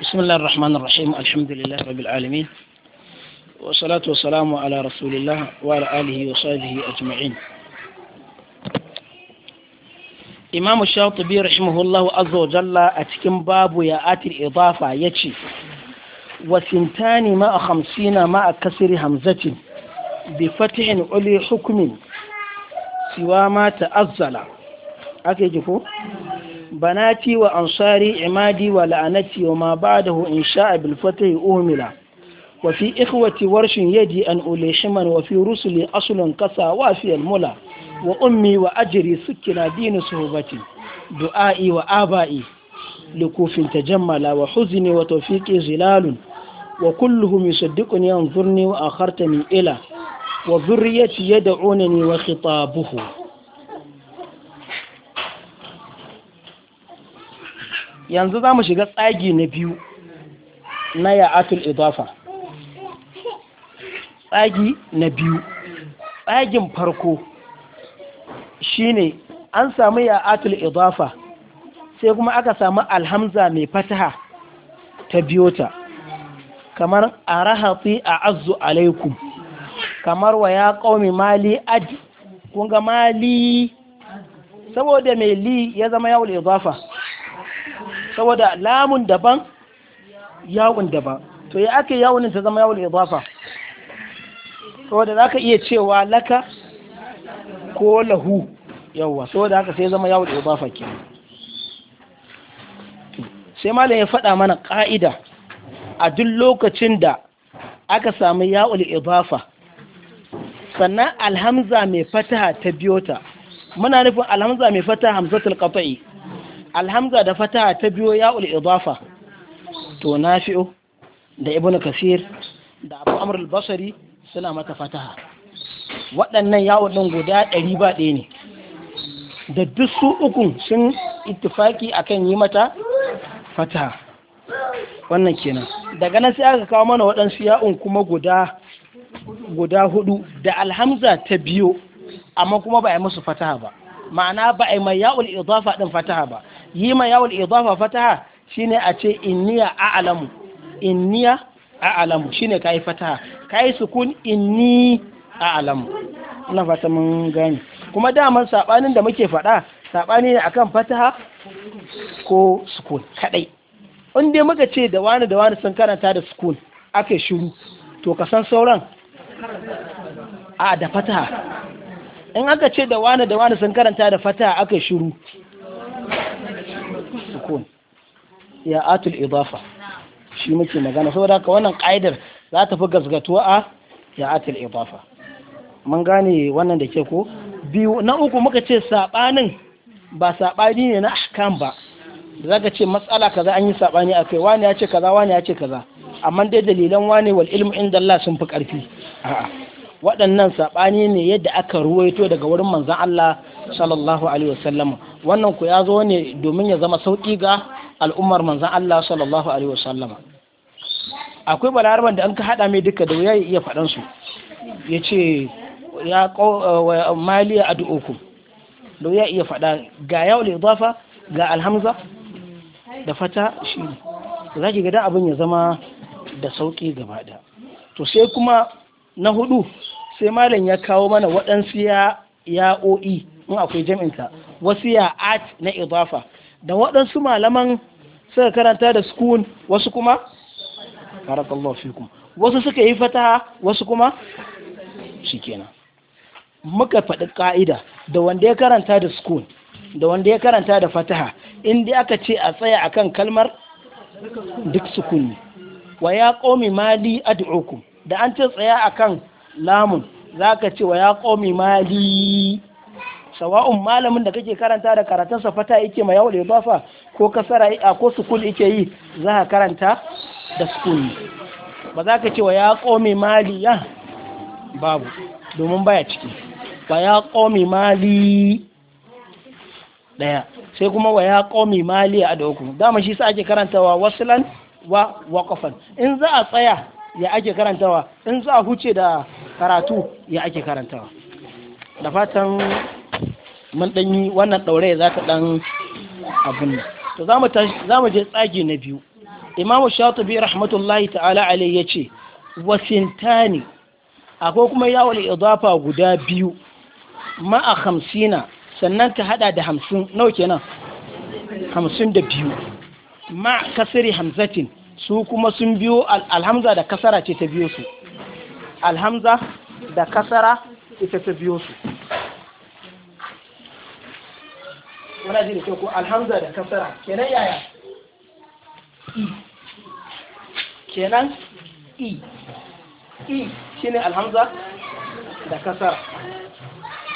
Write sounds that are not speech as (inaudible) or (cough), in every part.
بسم الله الرحمن الرحيم الحمد لله رب العالمين والصلاة والسلام على رسول الله وعلى آله وصحبه أجمعين إمام الشاطبي رحمه الله عز وجل أتكم باب يا آتي الإضافة يتشي وثنتان ما خمسين ما كسر همزة بفتح أولي حكم سوى ما تأزل أكي جفو banati wa ansari imadi wa la'anati wa ma ba'dahu in sha'a bil fatahi umila wa fi warshin yadi an ulishiman wa fi rusuli aslun kasa wa almula wa ummi wa ajri sukina dinu suhbati du'ai wa abai likufin tajammala wa huzni wa tawfiqi zilalun wa kulluhum yusaddiquni yanzurni wa akhartani ila wa dhurriyyati yad'unani wa khitabuhu yanzu za mu shiga tsagi na biyu na ya'atul idafa tsagi na biyu tsagin farko shine an samu ya'atul idafa sai kuma aka samu alhamza mai fataha ta biyota kamar a rahatsi a azu alaikum kamar wa ya ƙaumi mali aji kunga mali saboda mai li ya zama yawul idafa saboda lamun daban yawun daban to ya ake yawunin ta zama yawun idafa saboda za ka iya cewa laka ko lahu yawwa saboda haka sai zama yawun idafa ke sai malam ya faɗa mana ƙa'ida a duk lokacin da aka samu yawun idafa sannan alhamza mai fataha ta biyota muna nufin alhamza mai fataha hamzatul qata'i alhamza da fata ta biyo ya ul idafa to nafi'u da ibnu kasir da abu amr al suna mata fataha waɗannan yawon ɗin guda ɗari ba ɗaya ne da duk su ukun sun ittifaki akan yi mata fataha wannan kenan daga nan sai aka kawo mana waɗansu ya'un kuma guda guda hudu da alhamza ta biyo amma kuma ba a yi musu fataha ba ma'ana ba a yi mai ya'ul idafa ɗin fataha ba yi ma yawul idafa fataha shine a ce inniya a a'lamu inniya a a'lamu shine yi fataha yi sukun inni a a'lamu ina fata mun gane kuma damar sabanin da muke faɗa sabani ne akan fataha ko sukun kadai in dai muka ce da wani da wani sun karanta da sukun ake shiru to ka san sauran a da fataha in aka ce da wani da wani sun karanta da fataha aka shiru ko ya shi muke magana saboda ka wannan ƙa'idar za ta fi gasgatuwa a ya atul mun gane wannan da ke ko biyu na uku muka ce saɓanin ba saɓani ne na ahkam ba za ka ce matsala kaza an yi saɓani a kai wani ya kaza wani ya kaza amma dai dalilan wani wal ilmu inda Allah sun fi ƙarfi a'a waɗannan saɓani ne yadda aka ruwaito daga wurin manzon Allah sallallahu wannan ku ya zo ne domin ya zama sauƙi ga al'ummar manzan Allah sallallahu alaihi wasallama akwai balaraban da an ka haɗa mai duka da wuya ya iya faɗan ya ce ya eh, maliya addu'okum da wuya iya faɗa ga da idafa ga alhamza da fata shi za ki ga abin ya zama da sauƙi gaba to sai kuma na hudu sai malam ya kawo mana waɗansu ya ya'o'i in akwai jami'insa wasu ya at na idafa da waɗansu malaman suka karanta da sukun wasu kuma barakallahu fikum wasu suka yi fataha wasu kuma shikenan muka faɗi ka'ida da wanda ya karanta da sukun da wanda ya karanta da fataha inda aka ce a tsaya akan kalmar duk sukun ne wa ya qaumi mali ad'ukum da an ce tsaya akan lamun za ka ce wa ya ƙomi mali sawa'un malamin da kake karanta da karatun sa fata yake ma yawon idafa ko kasara a ko sukul yake yi za ka karanta da sukul ba za ka ce wa ya ƙomi mali ya babu domin baya ciki wa ya ƙomi mali ɗaya sai kuma wa ya ƙomi mali a da uku dama shi sa ake karantawa wasulan wa waƙafan in za a tsaya ya ake karantawa in za a huce da karatu ya ake karantawa da fatan mun yi wannan daure za ta ɗan abin nan to za mu je tsage na biyu imamu shatibi rahmatullahi ta'ala alai yace wasintani akwai kuma yawon idafa guda biyu ma'a hamsina sannan ta hada da hamsin nawa kenan hamsin da biyu ma kasiri hamzatin su kuma sun biyo alhamza da kasara ce ta biyo su alhamza da kasara ita ta biyo su wana ji da kyau ko alhamza da kasara kenan yaya i kenan i i shine alhamza da kasara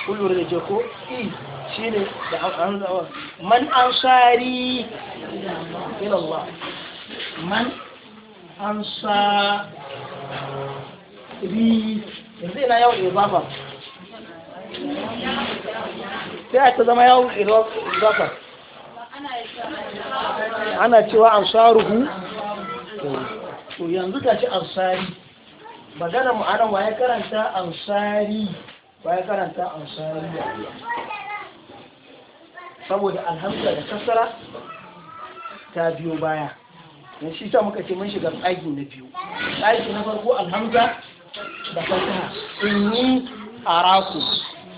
kullum da ke ko i shine da alhamza man ansari ila Allah man ansari yanzu ina yawon izafa sai a ta zama yawon izafa ana cewa ansaruhu to yanzu ta ci ansari magana ma'anan waye karanta ansari waye karanta ansari saboda alhamdulillah da kasara ta biyo baya na shi ta muka ce mun shiga tsagi na biyu tsagi na farko alhamza da fasaha in yi araku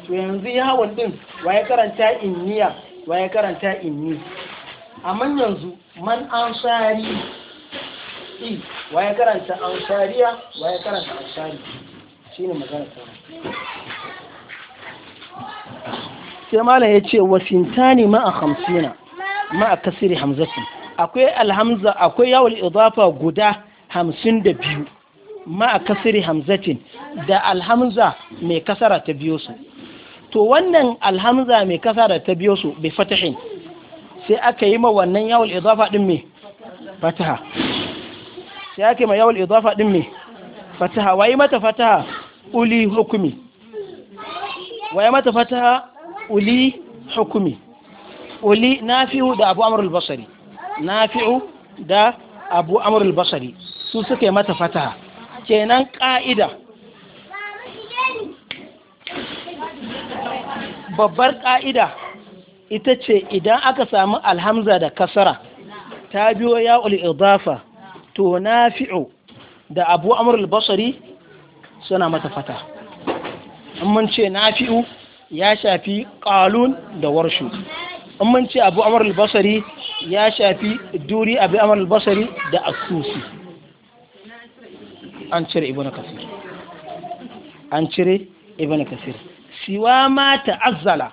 to yanzu ya hawa din ya karanta inniya ya karanta inni amma yanzu man ansari i ya karanta ansariya ya karanta ansari shine magana ta sai malam ya ce ma ma'a hamsina ma'a kasiri hamzati akwai alhamza akwai yawon idafa guda hamsin da biyu ma'a kasiri hamzatin da alhamza mai kasara ta biyo su to wannan alhamza mai kasara ta biyo su bai fatahin sai aka yi ma wannan yawon idafa din mai fataha sai aka yi ma yawon idafa din mai fataha waye mata fataha uli hukumi waye mata fataha uli hukumi uli nafi'u da abu amr na fi nafi'u da abu amr al su suka yi mata fataha kenan ƙa'ida babbar ƙa'ida ita ce idan aka samu alhamza da kasara ta biyo ya idafa to na fi'o da abu amur basari suna mata fata mun ce na fi'o ya shafi ƙalun da warshu mun ce abu amur basari ya shafi duri abu amur basari da asusi an cire ibn kasir an cire ibn kasir siwa ma ta'azzala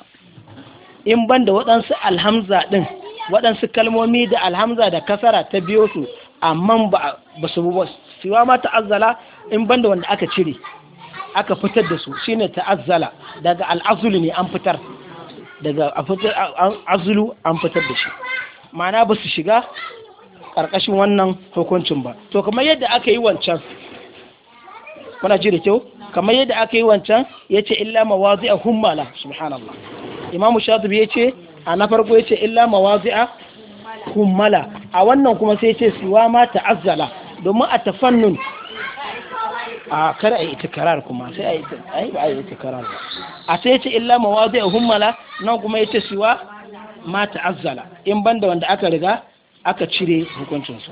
in ban da waɗansu alhamza ɗin waɗansu kalmomi da alhamza da kasara ta biyo su amma ba su ba siwa ma ta'azzala in ban da wanda aka cire aka fitar da su shine ta'azzala daga al'azulu ne an fitar daga azulu an fitar da shi ma'ana ba su shiga ƙarƙashin wannan hukuncin ba to kamar yadda aka yi wancan kuna ji da kyau kamar yadda aka yi wancan yace illa mawazi'a hummala subhanallah imamu ya ce, a na farko yace illa mawazi'a hummala a wannan kuma sai ce siwa ma ta'azzala domin a tafannun a kar a yi karar kuma sai a yi ai ba a yi ba a sai ce illa mawazi'a hummala nan kuma yace siwa ma ta'azzala in banda wanda aka riga aka cire hukuncinsu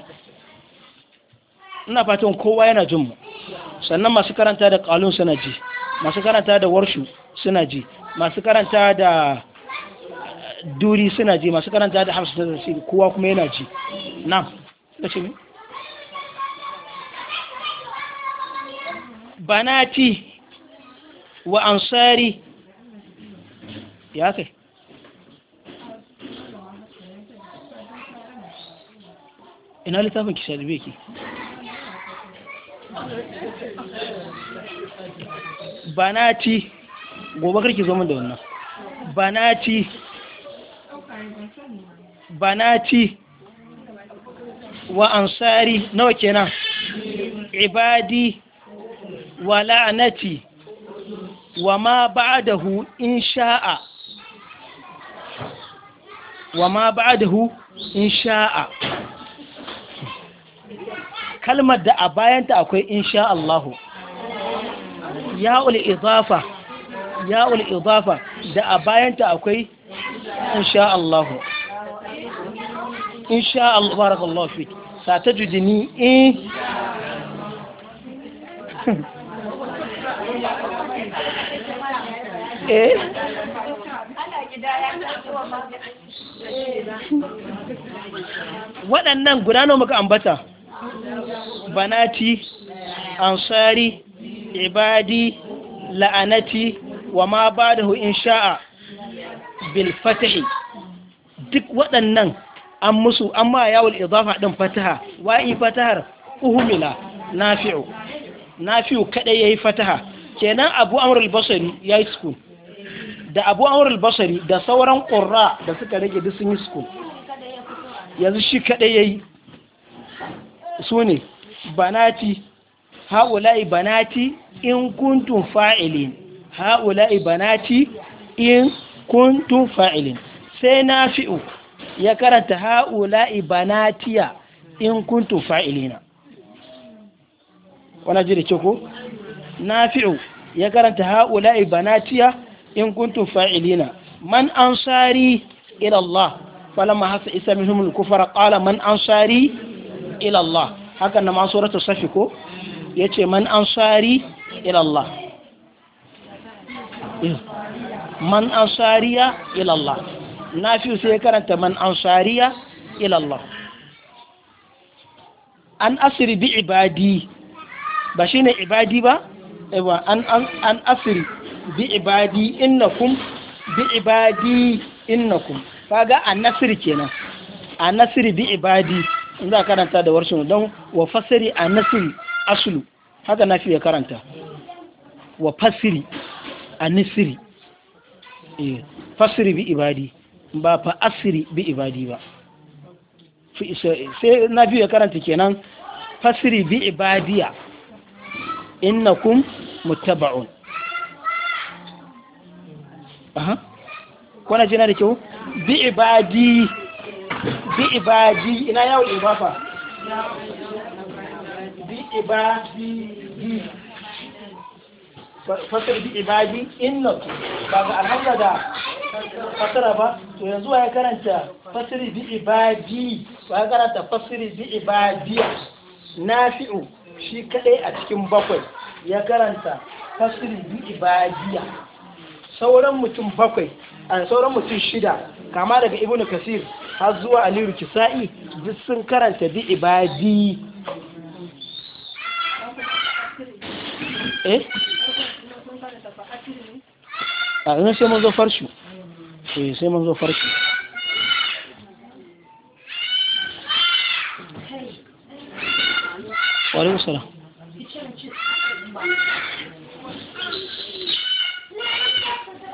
ina fatan kowa yana jin mu sannan masu karanta da kalun suna ji masu karanta da warshu suna ji masu karanta da eh, duri suna ji masu karanta da hamsin da tasiri kowa kuma yana ji na ce ne banati wa ansari ya kai ina littafin ki shalibe ki ba na ci gobe karki zo min da wannan ba na ci ba na ci wa ansari nawa kenan ibadi wa la'anati wa ma ba'dahu insha'a wa ma ba'dahu in sha'a kalmar da a bayanta akwai insha Allahu ul-izafa ya ul-izafa da a bayanta akwai insha Allahu insha Allah barakallahu fik jujini in (laughs) eh waɗannan guda nawa muka ambata banati ansari ibadi la'anati wa ma ba da in sha'a bilfatahi duk waɗannan an musu an ma yawon idafa ɗin fataha wa'i fatahar uhumila nafi'u nafi'u kaɗai ya yi fataha kenan abu amurul basari ya yi sukun da abu amurul basari da sauran ƙurra da suka rage duk sun yi sukun yanzu shi kaɗai ya yi su ne banati haula'i banati in kuntun fa'ilin haula'i banati in kuntun fa'ilin sai na fi’u ya karanta haula'i banatiya in kuntun fa'ilina wana ji da ce na fi’u ya karanta haula'i banatiya in kuntun fa'ilina man ansari ila Allah falamma hasa isa minhum al-kufara qala man ansari ilallah hakan na ma suratu safi ko yace man ansari ilallah, eh. man ansariya ilallah na fi sai karanta man ansariya ilallah, an asiri bi ibadi ba shi ne ibadi ba an an asiri bi ibadi innakum bi ibadi innakum kaga an nasiri kenan an nasiri bi ibadi in za karanta da warshin don wa fasiri a nasiri asulu haka na fiye karanta wa fasiri a nisiri eh, fasiri bi ibadi ba fa asiri bi ibadi ba sai na fiye karanta kenan fasiri bi ibadiya kun muttaba'un aha kwana na da kyau bi ibadi bi ibadi ina yawon ibafa bi ibadi fasar bi ibadi inna ba ga alhamda da fasara ba to yanzu ya karanta fasiri bi ibadi ba ya karanta fasiri bi ibadiya nafi'u shi kaɗai a cikin bakwai ya karanta fasiri bi ibadiya sauran mutum bakwai a sauran mutum shida kama daga Ibn kasir har zuwa aliyu kisa'i duk sun karanta bi ibadi eh a ina sai mun zo farshi eh sai mun zo farshi wa alaikum salam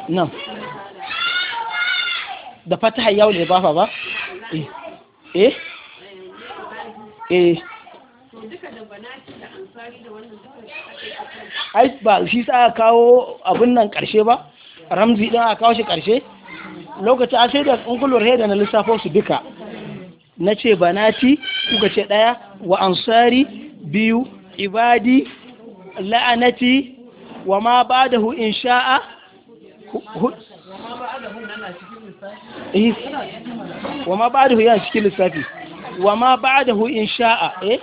nan da ne ba fa ba Eh? eh ai ba shi sa aka kawo abin nan karshe ba ramzi din aka kawo shi karshe lokacin ashe da unkulur da na lissafo su duka na ce banati kuka ce ɗaya wa ansari biyu ibadi la'anati wa ma ba da sha'a eh wa ma ba'dahu ya cikin lissafi wa ma ba'dahu in sha'a eh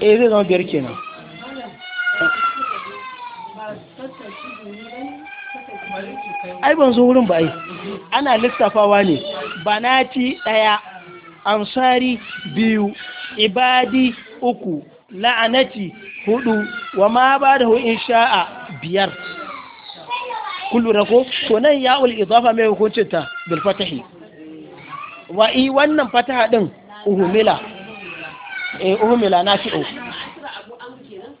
eh zai zama biyar kenan ai ban zo wurin ba ai ana lissafawa ne banati ɗaya ansari biyu ibadi uku la'anati hudu wa ma ba da in sha'a biyar kullu na ko to nan ya'ul idafa mai hukuncin ta bil fatahi wa i wannan fataha din uhumila eh uhumila na fi'u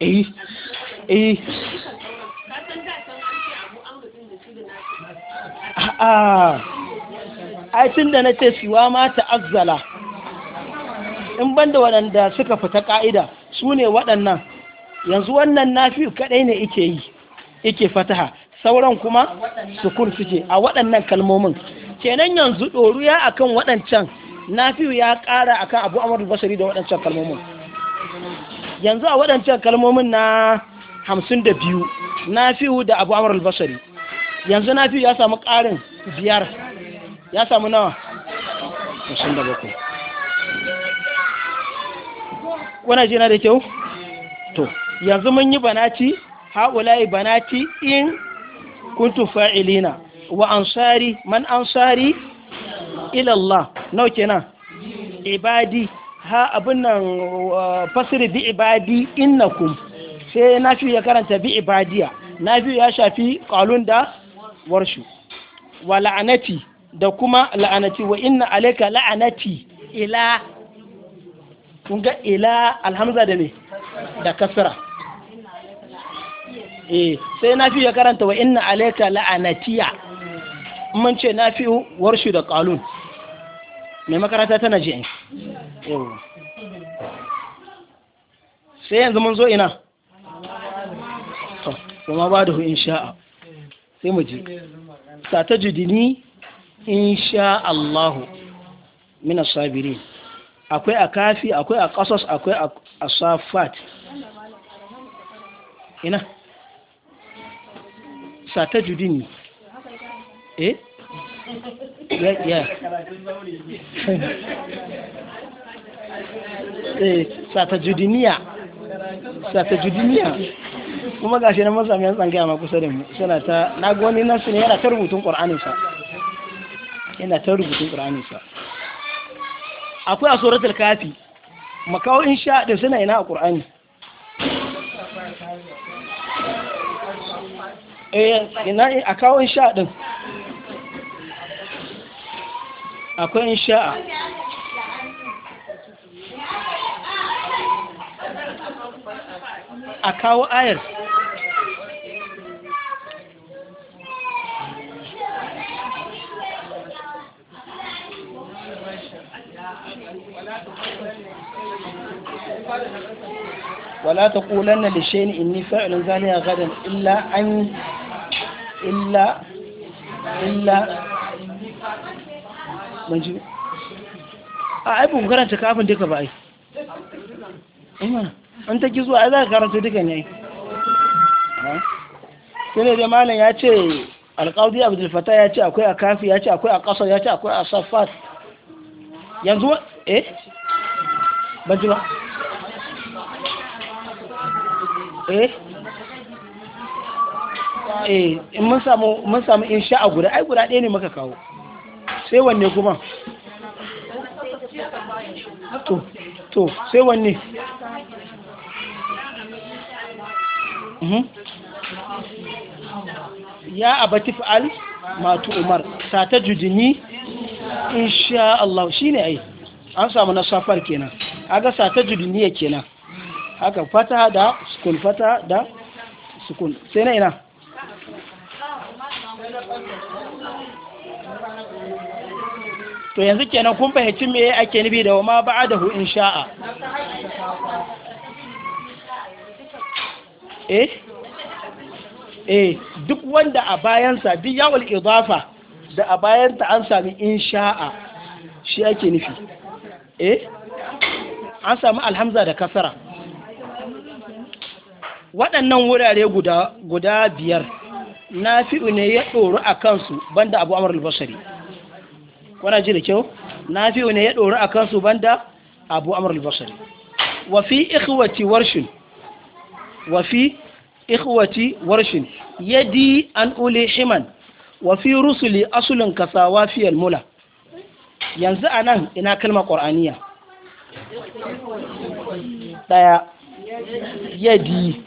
eh eh a'a tun da na ce siwa ma ta'azzala in banda waɗanda suka fita ƙa'ida su ne waɗannan yanzu wannan nafi kaɗai ne ike yi ike fataha sauran kuma sukun suke a waɗannan kalmomin kenan yanzu ɗoruya akan waɗancan nafi'u ya ƙara akan abu amadu basari da waɗancan kalmomin yanzu a waɗancan kalmomin na hamsin da biyu nafi'u da abu amadu basari yanzu nafi'u ya samu ƙarin biyar ya samu nawa hamsin da bakwai kuna jina da kyau to yanzu mun yi banaci ha'ulai banaci in kuntu fa'ilina wa ansari man ansari ilalla Allah nau kenan ibadi ha abin nan fasiri bi ibadi innakum sai nafi ya karanta bi ibadiya nafi ya shafi qalun da warshu wa la'anati da kuma la'anati wa inna alayka la'anati ila ila alhamza da me da kasra eh sai fi ya karanta wa inna alaika la'anatiya mun ce na fi warshi da kalun mai makaranta tana ji yawa sai yanzu mun zo ina to kuma ba da hu insha'a sai mu ji satajidini insha Allah min mina sabirin akwai a kafi akwai a kasos, akwai a safat ina satajudi satajudini eh ya eh ya eh satajudiniya satajudiniya kuma gashi na masa mai tsangaya ma kusa da mu suna ta na ga wani nasu ne yana ta rubutun qur'anin sa yana ta rubutun qur'anin sa akwai a tsoratar kafi makawar insha da suna ina a qur'ani Eh, ina a kawo insha din akwai insha a kawo ayar ولا تقولن لشيء إني فاعل ذلك غدا إلا أن illa illa manji a aibin karanta kafin duka ba ai eh, an ta zuwa ai za ka karanta duka ne sai ne dai malam ya ce alƙawdi abdul fatah ya ce akwai a kafi ya ce akwai a ƙasar ya ce akwai a safat yanzu eh ban ji ba eh Eh, mun samu mun samu insha a guda ai guda ɗaya ne muka kawo sai wanne kuma to to sai wanne mhm. ya abati al matu umar ta ta jujini insha Allah ne ai an samu na safar kenan aga sa ta ya kenan haka fata da sukun fata da sukun sai na ina to yanzu kenan kun fahimci me ake nufi da ma ba'adahu in sha'a eh eh duk wanda a bayansa duk yawal idafa da a bayanta an sami in sha'a shi ake nufi eh an sami alhamza da kasara waɗannan wurare guda biyar nafi'u ne ya ɗoru a kansu banda abu amur al-bashari wana ji da kyau nafi'u ne ya ɗoru a kansu banda abu amur al-bashari wa fi ikhwati warshin wa fi ikhwati warshin yadi an uli himan wa fi rusuli asulun kasawa fi al-mula yanzu anan ina kalmar qur'aniya daya yadi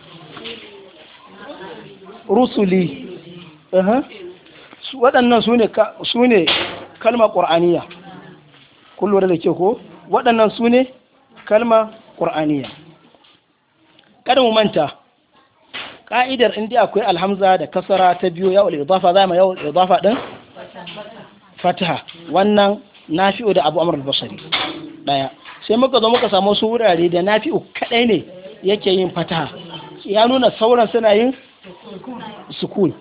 rusuli waɗannan su ne kalma ƙur'aniya kullum da ke ko waɗannan su ne kalma ƙor'aniya kada mu manta ƙa'idar indiya akwai alhamza da kasara ta biyu yawon idafa za mu yawon idafa ɗin fataha wannan na nafi'u da abu amur albasari ɗaya sai muka zo muka samu su wurare da na nafi'u kaɗai ne yake yin fataha ya nuna sauran suna yin sukun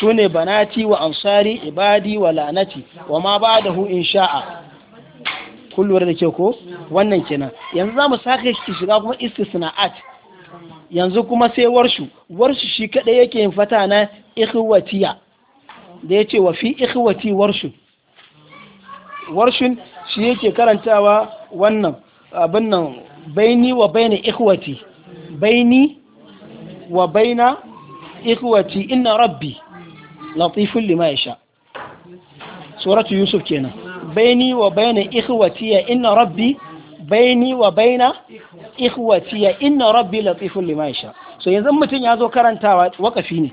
su ne banati wa ansari ibadi wa lanati wa ma ba da hu in sha'a kullum da ke ko wannan kenan yanzu za mu sake shiga kuma iska istisna'at yanzu kuma sai warshu warshu shi kaɗai yake yin fata na ikhwatiya da ya ce wa fi ikhwati warshu warshun shi yake karantawa wannan abin nan baini wa baina ikhwati baini wa baina ikhwati inna rabbi latifun lima ya suratu yusuf kenan baini wa baina ikhwatiya inna rabbi baini wa baina ikhwatiya inna rabbi latifun lima ya so yanzu mutum ya zo karantawa wakafi ne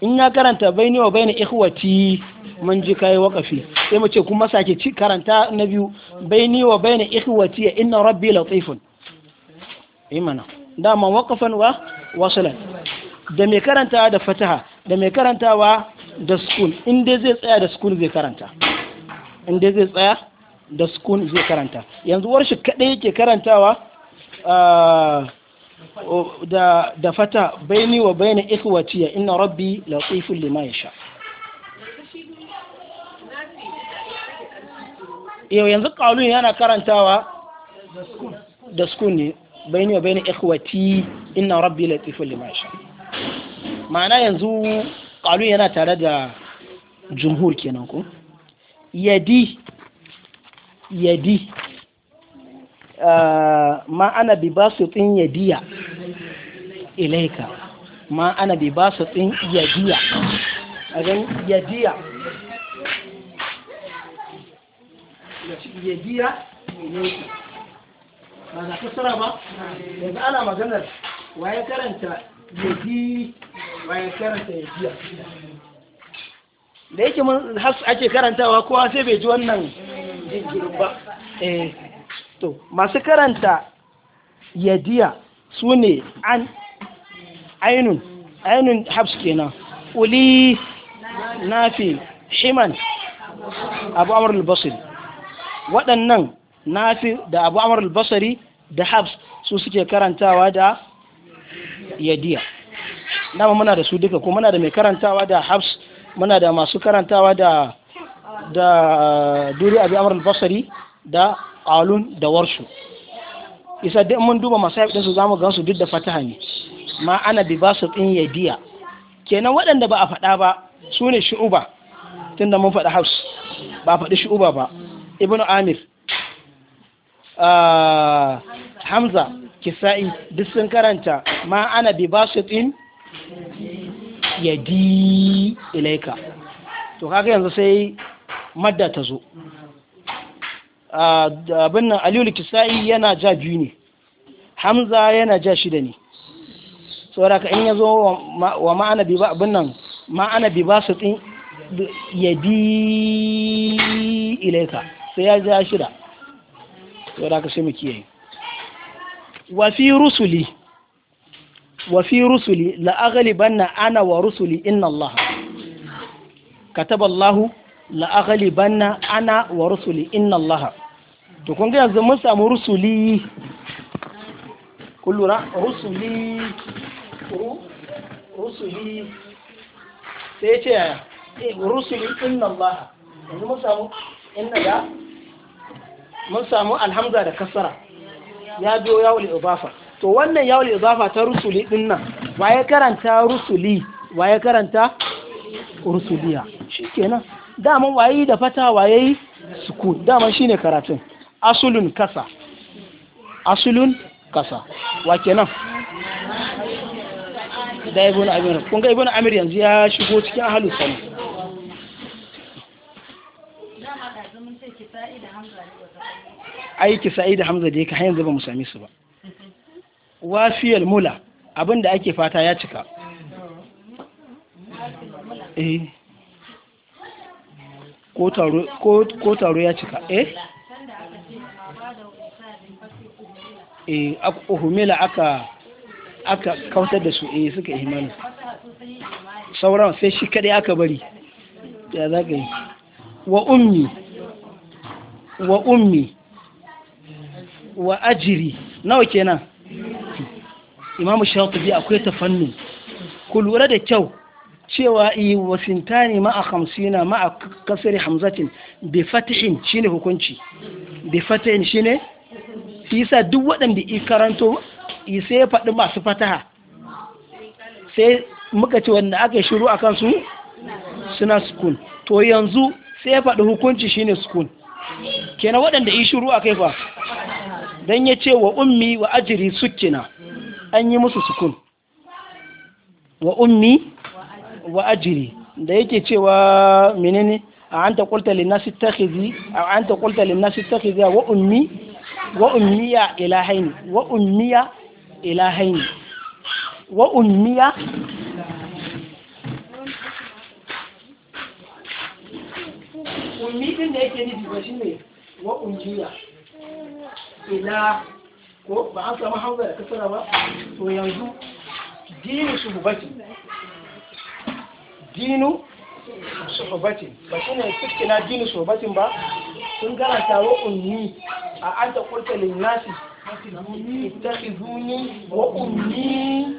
in ya karanta baini wa baina ikhwati mun ji kai wakafi sai mu ce kuma sake ci karanta na biyu baini wa baina ikhwati inna rabbi latifun imana dama waqafan wa wasilan da mai karantawa da fataha da mai karantawa da sukun inda zai tsaya da sukun zai karanta inda zai tsaya da sukun zai karanta yanzu warshi kadai yake karantawa ah, da da fata baini wa baina ikhwati inna rabbi latiful lima yasha yau yanzu kalun yana karantawa da sukun ne baini wa baina ikhwati inna rabbi latiful lima yasha ma'ana yanzu alu yana tare da jumhur kenan ko yadi yadi eh, ma ana bi ba su tsin yadiya ilaika ma ana bi ba su tsin yadiya a gan yadiya yadiya ba za ta tsara ba yanzu ana maganar waye karanta yadi bayan karanta ya jiya da yake mun har ake karantawa kowa sai bai ji wannan jinkirin ba eh to masu karanta yadiya su ne an ainun ainun habs kenan uli nafi himan abu amur al-basri waɗannan nafi da abu amur al-basri da habs su suke karantawa da yadiya dama muna da su duka ko muna da mai karantawa da habs muna da masu karantawa da da eh, duri abi amr al-basri da alun da warsu isa da mun duba masahib din su zamu su duk da fataha ne ma ana bi basu din yadiya kenan waɗanda ba a faɗa ba su ne shu'uba tunda mun faɗa habs ba faɗi shu'uba ba ibnu amir eh, hamza kisa'i duk sun karanta ma ana bi basu din Ya di ilaika to kaga yanzu sai madda ta zo abin nan aliyu likisai yana ja biyu ne hamza yana ja shida ne saboda ka in ya zo wa ma'ana bi ba abin nan ma'ana bi ba su tsin yadi ilaika sai ya ja shida saboda ka sai mu kiyaye wa fi rusuli wa fi rusuli la aghlibanna ana wa rusuli inna Allah kataba Allah la aghlibanna ana wa rusuli inna Allah to kun yanzu mun samu rusuli kun lura rusuli rusuli sai ce yaya eh, rusuli inna Allah yanzu mun samu inna ya mun samu alhamza da kasara ya biyo yawon ibafa to wannan yawon idafa ta rusuli din nan waye karanta rusuli waye karanta rusuliya shikenan dama waye da fata waye sukun dama shine karatun asulun kasa asulun kasa wa kenan da ibn amir kun ga ibn amir yanzu ya shigo cikin ahlus Aiki ai kisa'i da hamza da yake har yanzu ba mu sami su ba Wafiyar mula abin da ake fata ya cika eh ko taro ya cika eh eh uhumila aka aka kautar da su eh suka imani sauran sai shi kadai aka bari ya za ka yi wa ummi wa ummi wa ajiri nawa kenan imam shafi akwai ta tafanni ku lura da kyau cewa yi wasintani ma'a hamsina ma'a kasar hamzatin bi fatihin shine hukunci bi fatihin shine sa duk waɗanda i karanto isa ya faɗi masu fataha sai muka ce wanda aka shiru a kansu suna sukun to yanzu sai ya faɗi hukunci shine sukun kenan waɗanda i shiru a kai fa don ya ce wa ummi wa ajiri sukina an yi musu sukun wa ummi wa ajiri da yake cewa menene a an ta kulta ke zi, a an ta kulta ke zi wa ummi wa ummiya ilahaini wa ummiya ilahaini wa ummiya ummi din da yake nufi ba ne wa ummiya ila. ko ba an samu hamza da kasara ba to yanzu dinu suhubati dinu suhubati ba shi ne na dinu suhubatin ba sun karanta taro unni a an ta lin nasi ittakhizuni wa ummi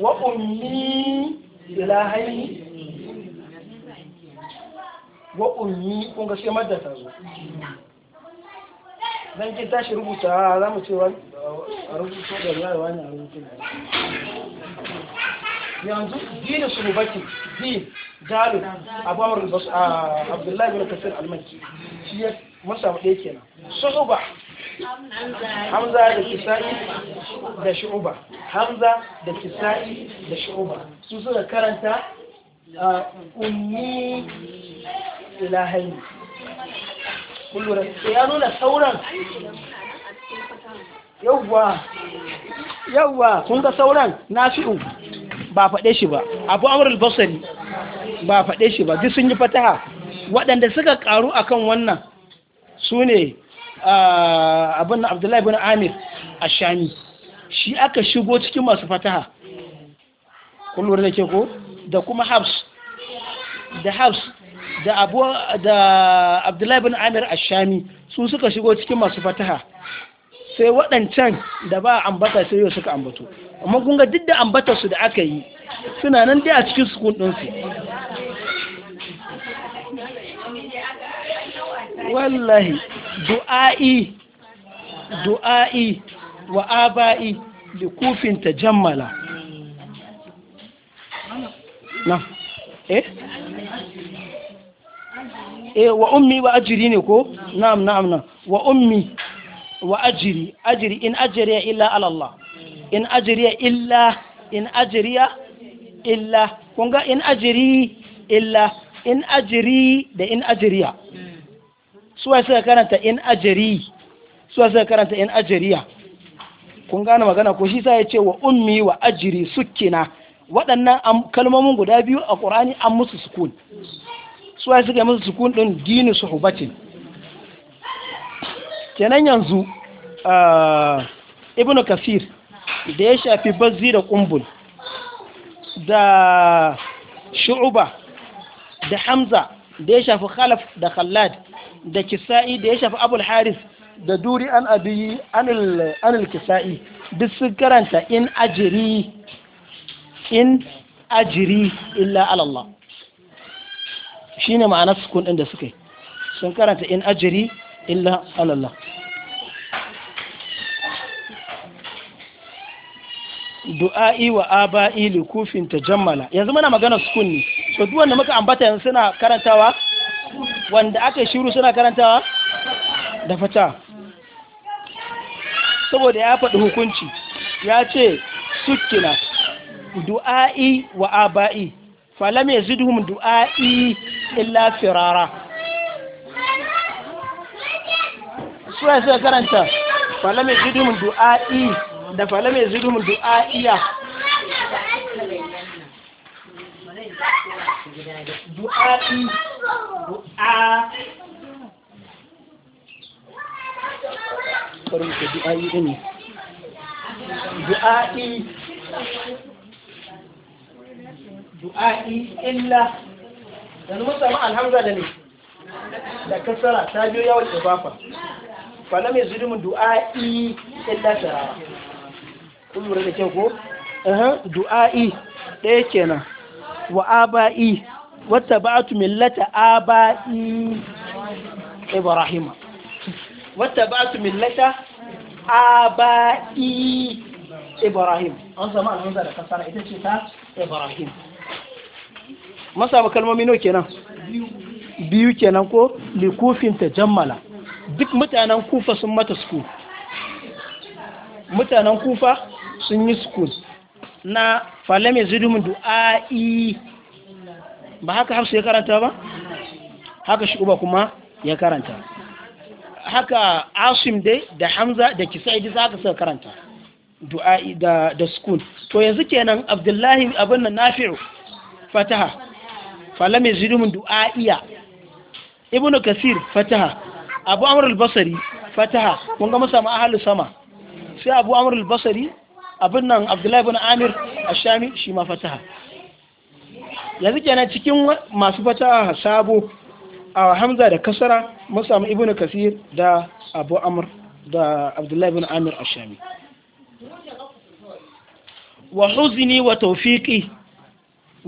wa ummi ilahai wa ummi kun ga sai madda ta zo dan ki tashi rubuta za mu ce wani a rubuto da ruwa wani a rubuto da yanzu dina su rubaki din jalo abawar abdullahi bin kasir almakki shi ya masa mu ɗaya kenan su uba hamza da kisa'i da shu'uba hamza da kisa'i da shu'uba su suka karanta ummi ilahaini kullum da ya nuna sauran yawwa yawwa kun ga sauran nafi'u ba faɗe shi ba abu amur albasari ba faɗe shi ba duk sun yi fataha waɗanda suka ƙaru akan wannan su ne abin na abdullahi bin amir a shami shi aka shigo cikin masu fataha kullum da ke ko da kuma habs da habs da abu da abdullahi bin amir ashami su suka shigo cikin masu fataha sai waɗancan da ba ambata sai yau suka ambato amma kun duk da ambata su da aka yi suna nan dai a cikin sukun din su wallahi du'a'i du'a'i wa aba'i da kufin jammala na eh Eh, wa ummi wa ajiri ne ko na'am na'am na wa ummi wa ajiri ajiri in ajiriya illa ala Allah in ajiriya illa in ajiriya illa kun ga in ajiri illa in ajiri da in su suwa suka karanta in ajiri suwa suka karanta in ajiriya kun gane magana ko shi sa ya ce wa ummi wa ajiri sukina waɗannan kalmomin guda biyu a ƙur'ani an musu sukun suwa suka yi musu sukun ɗin dini su kenan yanzu ah, ibn kasir da ya shafi bazzi da kumbul da shu'uba da hamza da ya shafi khalaf da khallad da kisa'i da ya shafi abul haris da duri an abiyi anil kisa'i duk sun karanta in ajiri in ajiri illa alallah ne ma'ana sukun ɗin da suka yi sun karanta in ajiri illa alallah du'a'i wa aba'i li kufin jammala. yanzu muna magana sukun ne so duwanda muka ambata yanzu suna karantawa wanda aka yi shiru suna karantawa da fata saboda ya faɗi hukunci ya ce sukina du'a'i wa aba'i falam yazidhum du'a'i إلا فرارا سوى سوى كرانتا فلم يزيدوا من دعائي فلم يزيدوا من دعائي دعائي دعاء قرمت دعائي دعائي إلا yanzu mun samu alhamza da ne da kasara ta biyo yawon ibafa fala mai mun du'a'i illa tarawa kun lura da kyau ko du'a'i ɗaya kenan wa aba'i wata ba'atu millata aba'i ibrahima wata ba'atu millata aba'i ibrahim an zama alhamza da kasara ita ce ta ibrahim masa ba kalmomi nawa kenan biyu kenan ko likufin ta jammala duk mutanen kufa sun mata school mutanen kufa sun yi school na falame zidumin du'a'i ba haka hafsu ya karanta ba haka shi kuma ya karanta haka asim dai da hamza da kisaidi za ka suka karanta du'a'i da da to yanzu kenan abdullahi abin na nafi'u fataha falam yazidum du'a'iya ibnu kasir fataha abu amr al-basri fataha mun ga musamman ahlus sama sai abu amr al-basri abin nan abdullahi ibn amir ash-shami shi ma fataha yanzu kenan cikin masu fataha sabo a hamza da kasara mun samu ibnu kasir da abu amr da abdullahi ibn amir ash-shami wa huzni wa tawfiqi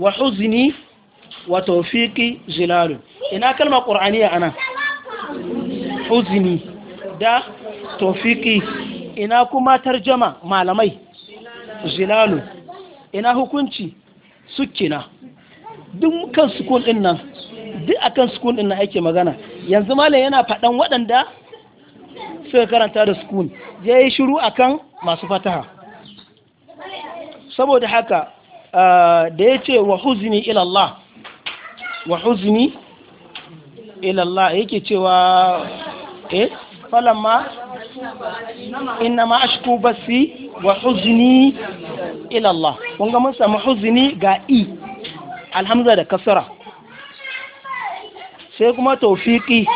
wa huzni wa tawfiqi zilalu ina kalma qur'aniya anan huzni da tawfiqi ina kuma tarjama malamai zilalu ina hukunci sukina duk sukun din nan duk akan sukun din nan ake magana yanzu malam yana faɗan waɗanda suka karanta da sukun ya yi shiru akan masu fataha saboda haka ah, da ya ce wa huzini ilallah wa huzni ila Allah yake cewa eh falamma ma ashku basi wa huzni ila Allah kun ga mun samu huzni ga i alhamza da kasara sai kuma tawfiqi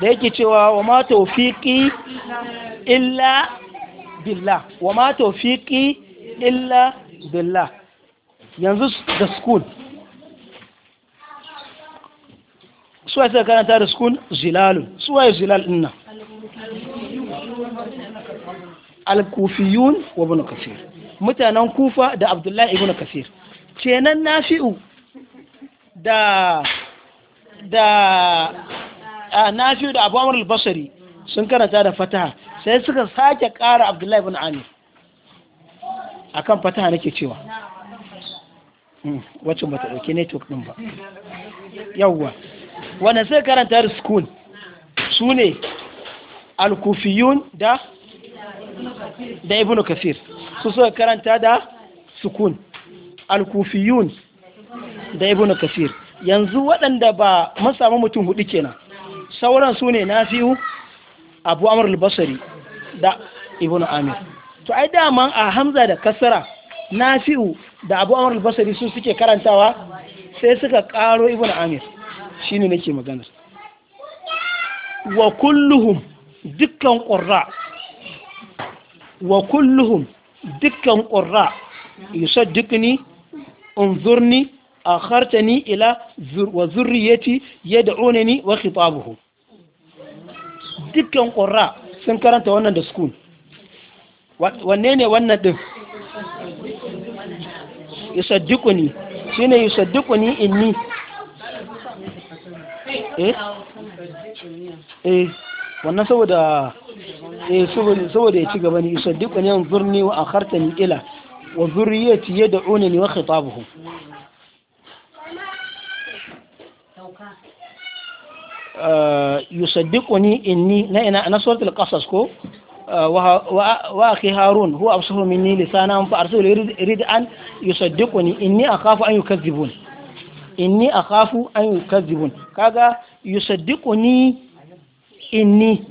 da yake cewa wa ma tawfiqi illa billah wa ma tawfiqi illa billah yanzu da school suwa suka karanta da sukun zilalun suwa zilal inna alkufiyun al wa bin kasir mutanen kufa da abdullahi ibn kasir kenan nafi'u da da nafi'u da abu amr al sun karanta da fataha sai suka sake kara abdullahi ibn amir akan fataha nake cewa hmm, wacce bata ta ɗauki network ɗin ba yawwa wannan sai karanta da sukun su ne alkufiyun da da ibn kafir su suka karanta da sukun alkufiyun da ibn kafir yanzu waɗanda ba mun samu mutum hudu kenan sauran su ne nafi'u abu amr al-basri da ibn amir to ai daman a hamza da kasra nafi'u da abu amr al-basri su suke karantawa sai suka karo ibn amir shine nake maganar wa kulluhum dukkan ƙurra wa kulluhum dukkan ƙurra yusaddiqni unzurni ni ila wa zurriyati ni wa khitabuhum dukkan ƙurra sun karanta wannan da sukun wanne ne wannan din yusaddiquni shine yusaddiquni inni eh eh wannan saboda eh saboda ya ci gaba ne yusaddiqu ni yanzurni wa akhartani ila wa zurriyati yad'unani wa khitabuhum eh, yusaddiquni inni na ina na suratul qasas ko eh, wa akhi harun huwa absahu minni lisanan fa arsil rid an yusaddiquni inni akhafu an yukazzibuni inni a kafu an kazibun kaga ni inni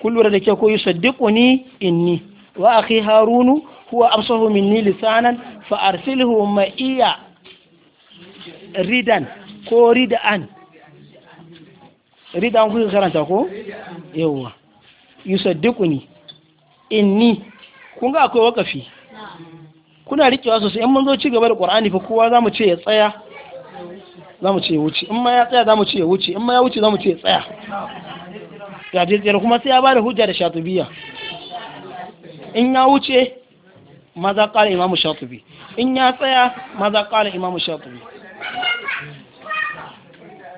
kullum da ke ko ni inni wa akhi harunu huwa absahu minni lisanan fa arsilhu ma iya ridan ko ridan ridan ku karanta ko yawa ni inni kun ga akwai wakafi kuna rikewa sosai in mun zo ci gaba da qur'ani fa kowa mu ce ya tsaya za mu ce ya wuce in ma ya tsaya za mu ce ya wuce in ma ya wuce za mu ce ya tsaya ya je kuma sai ya bada hujja da shatubiya in ya wuce maza kala imamu shatubi in ya tsaya maza kala imamu shatubi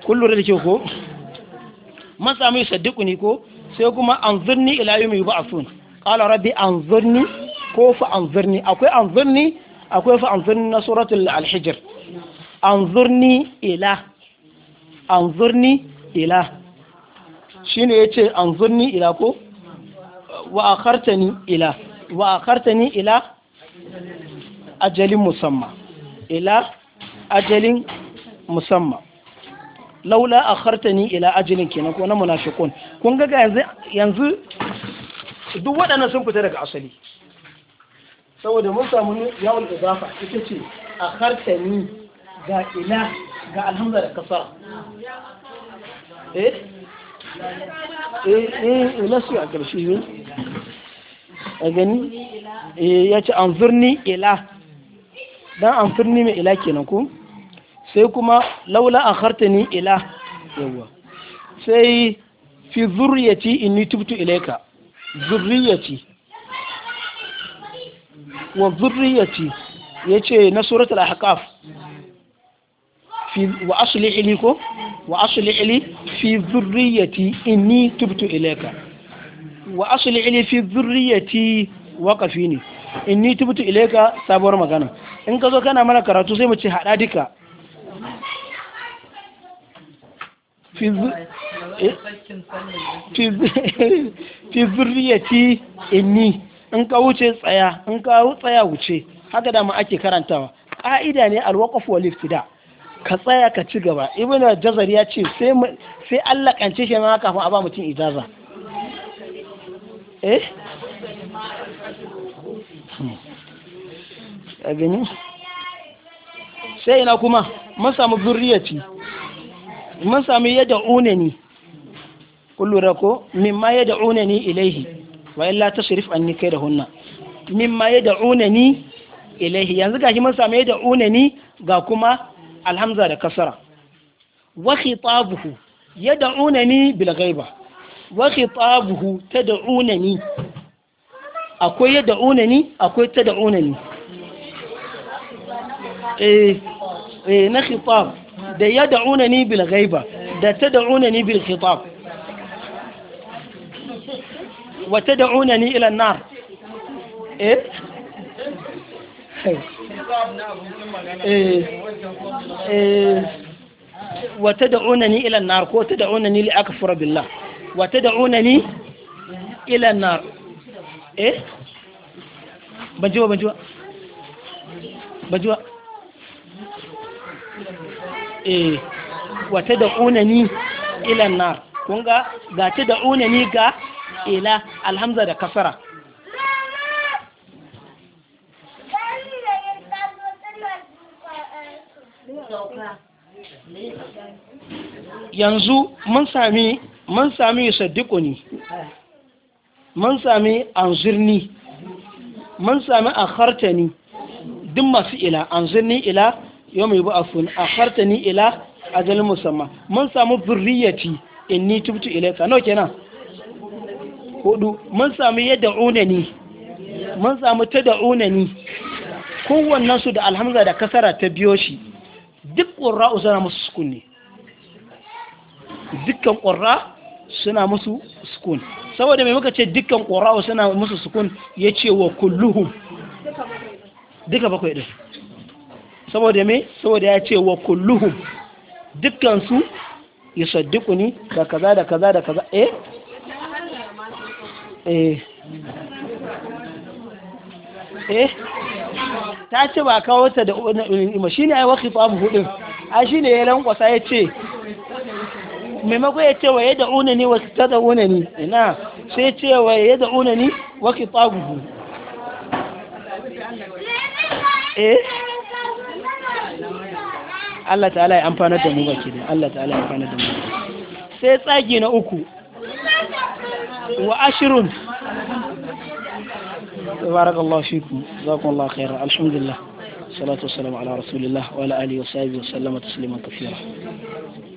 kullum da ke ko man sami saddiku ne ko sai kuma an ila yau mai ba a sun kala rabbi an ko fa anzurni akwai anzurni akwai fa anzurni na suratul al-hijr anzurni ila anzurni ila shine yace anzurni ila ko wa akhartani ila wa akhartani ila ajalin musamma ila ajalin musamma laula akhartani ila ajalin kenan ko na munafiqun kun ga yanzu yanzu duk waɗannan sun fita daga asali saboda mun samu yawon izafa ita ce a ni ga ila ga alhamdulillah da kasara eh eh, eh ina su a ƙarshe ne a gani eh, ya ce an zurni ila dan an furni mai ila kenan ko sai kuma laula an ni ila yawa sai fi zurriyati inni tubtu ilaika zurriyati wa zurriyati yace na suratul ahqaf fi wa aslih li ko wa aslih li fi zurriyati inni tubtu ilayka wa aslih li fi zurriyati waqafini inni tubtu ilayka sabuwar magana in ka zo kana mana karatu sai mu ce hada duka fi zurriyati eh, (laughs) inni in ka wuce tsaya in ka tsaya wuce haka da mu ake karantawa Ka'ida ne alwaqaf wal iftida ka tsaya ka ci gaba ibnu jazar ya ce sai sai Allah kance shi ma kafin a ba mutum ijaza eh hmm. gani sai ina kuma mun samu zurriyaci mun samu yadda unani kun lura ko mimma yadda unani ilaihi wa illa tasrif anni kai da hunna mimma yad'unani ilaihi yanzu gashi mun samu yad'unani ga kuma alhamza da kasara wa khitabuhu yad'unani bil ghaiba wa khitabuhu tad'unani akwai yad'unani akwai tad'unani eh eh na khitab da yad'unani bil ghaiba da tad'unani bil khitab wata da unani ilan na eh wata da unani ilan na ko ta da unani li aka fura billa wata da unani ilan na eh banjuwa banjuwa banjuwa eh wata da ni ilan na kun ga ta da ni ga ila alhamza da kasara yanzu mun sami mun sami yusaddiquni mun sami anzirni mun sami akhartani duk masu ila anzirni ila yau mai ba'afun akhartani ila ajalin musamman mun samu zurriyati inni tubtu ilayka nawa kenan hudu mun sami yadda unani mun sami ta da unani kowannen su da alhamza da kasara ta biyo shi duk ƙurra suna musu sukun ne dukkan ƙurra suna musu sukun saboda mai muka ce dukkan ƙurra suna musu sukun ya ce wa kulluhum duka bakwai ɗin saboda mai saboda ya ce wa kulluhum dukkan su yi saddiku ni da kaza da kaza da kaza eh eh eh ta ce ba kawo ta da ma. shi ne ai wa khifafu hudin a shi ne ya lankwasa ya ce maimako ya ce wa ya da unani wasu ta da unani ina sai ce wa ya da unani wa khitabuhu eh Allah ta'ala ya amfana da mu baki da Allah ta'ala ya amfana da mu sai tsagi na uku وعشر بارك الله فيكم جزاكم الله خيرا الحمد لله والصلاة والسلام على رسول الله وعلى آله وصحبه وسلم تسليما كثيرا